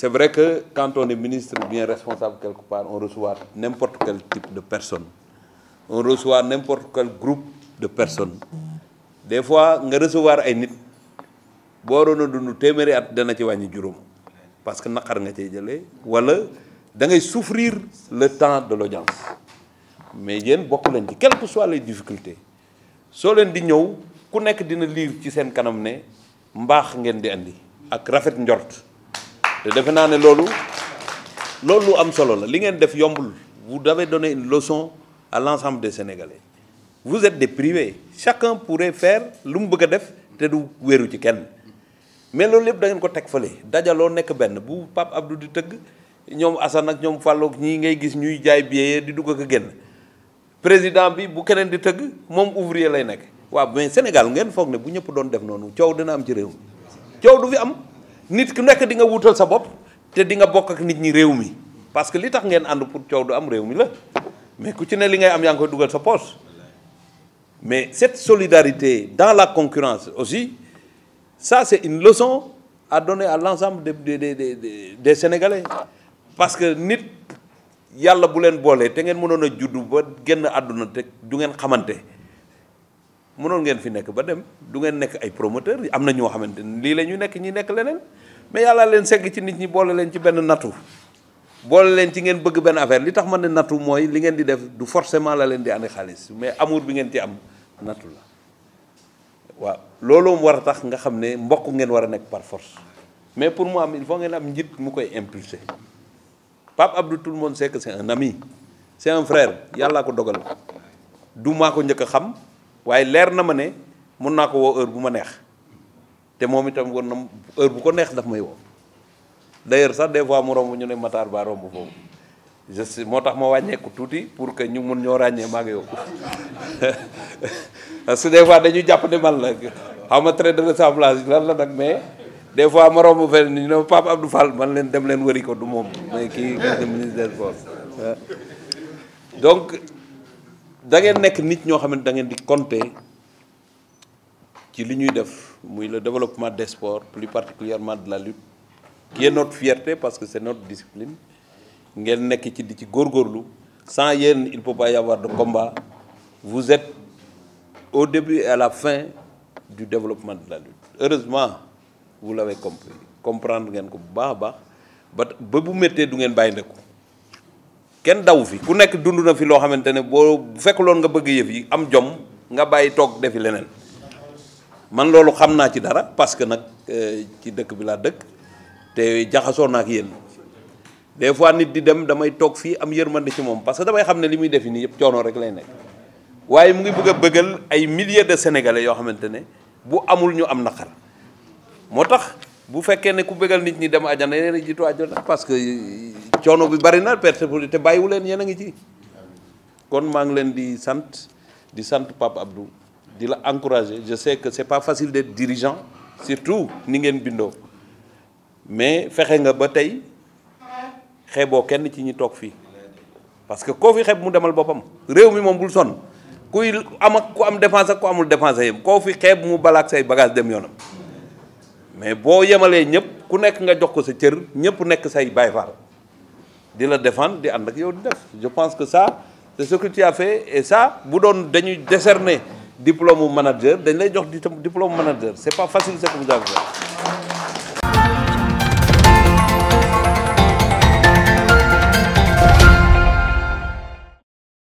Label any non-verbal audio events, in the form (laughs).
C'est vrai que quand on est ministre bien responsable quelque part, on reçoit n'importe quel type de personne. On reçoit n'importe quel groupe de personnes. Des fois, on recevoir ay nit bo rona dund téméré at dana ci wañi parce que nakar nga cey jëlé wala da ngay souffrir le temps de l'audience. Mais a beaucoup de quelles que soient les difficultés. So leen di ñew ku qui dina lire ci seen kanam ne a ngeen di andi ak rafet njort te defe naa ne loolu loolu am solo la li ngeen def yombul vous devez donné une leçon à l'ensemble des Sénégalais vous êtes des privés chacun pourrait faire lu mu bëgg a def te du wéeru ci kenn mais loolu lépp da ngeen ko teg fële dajaloo nekk benn bu Pape Abdou di tëgg ñoom Assane ak ñoom Fallou ñii ngay gis ñuy jaay billet di dugg ak génn président bi bu keneen di tëgg moom ouvrier lay nekk waaw mais Sénégal ngeen foog ne bu ñëpp doon def noonu coow dina am ci réew mi coow du fi am nit ku nek di nga wutal sa bop te di nga bok ak nit ñi rew mi parce que li tax ngeen and pour ciow du am rew mi la mais ku ci ne li ngay am yang ko koy sa poche mais cette solidarité dans la concurrence aussi ça c'est une leçon à donner à l'ensemble des des des des sénégalais parce que nit yalla bu len bolé te ngeen mënon na juddu ba genn aduna te du ngeen xamanté mënon ngeen fi nek ba dem du ngeen nek ay promoteur amna ño xamanteni li lañu nek ñi nek leneen mais yalla leen segg ci nit ñi boole leen ci ben natu boole leen ci ngeen bëgg ben affaire li tax man natu moy li ngeen di def du forcément la leen di andi xaliss mais amour bi ngeen ci am natu la lolo loolu war tax nga xam ne mbokk ngeen war nek par force mais pour moi am il faut ngeen am njit mu koy impulser pap Abdou tout le monde sait que c'est un ami c'est un frère yalla ko dogal du mako ñëk xam waaye leer na ma ne mun naa ko woo heure bu ma neex te moom itam war na heure bu ko neex daf may woo d'ailleurs sax des fois mu romb ñu ne Matar Ba romb foofu je sais moo tax ma wàññeeku tuuti pour que ñu mun ñoo ràññee mag ngi yow (laughs) parce que des fois dañu jàpp ne man la xaw ma trait de ressemblance lan la nag mais des fois ma romb fenn ñu ne Pape Abdou Fall man leen dem leen wëri ko du moom mais kii ministre des donc. da ngeen nit ñoo di le développement des sports plus particulièrement de la lutte qui est notre fierté parce que c'est notre discipline ngeen nekk ci di ci sans yéen il peut pas y avoir de combat vous êtes au début et à la fin du développement de la lutte heureusement vous l'avez compris comprendre ngeen ko bu baax a ba ba bu Ken daw fi ku nek dunduna na fi lo xamantene ne boo nga bëgg yëf yi am jom nga bayyi tok defi lenen man lolu xamna ci dara parce que nak euh, ci dëkk bi la dëkk te jaxaso nak yeen des fois nit di dem damay tok fi am yërmande ci mom parce que damay xamne limuy defi nii yëpp coono rek lay nek waye mu ngi bëgg bëggal ay milliers de sénégalais yo xamantene bu amul ñu am nakar motax bu fekkee ne ku bégal nit ñi dem ajana yéen a jiitu àjjana parce que coono bi bari na perte te bàyyiwu leen yéen a ngi ci. kon maa ngi leen di sant di sant Pape Abdou di la encourager je sais que c'est pas facile d'être dirigeant surtout ni ngeen bindoo mais fexe nga ba tey xeeboo kenn ci ñi toog fii parce que koo fi xeeb mu demal boppam réew mi moom bul sonn kuy am ak ku am dépense ak ku amul dépense yem koo fi xeeb mu balaak say bagage dem yoonam. mais boo yemalee ñëpp ku nekk nga jox ko sa cër ñëpp nekk say Baay Faal di la défendre di ànd ak yow di def je pense que ça c'est ce que tu as fait et ça bu doon dañuy décerner diplôme manager dañ lay jox diplôme manager c'est pas facile ce que vous avez fait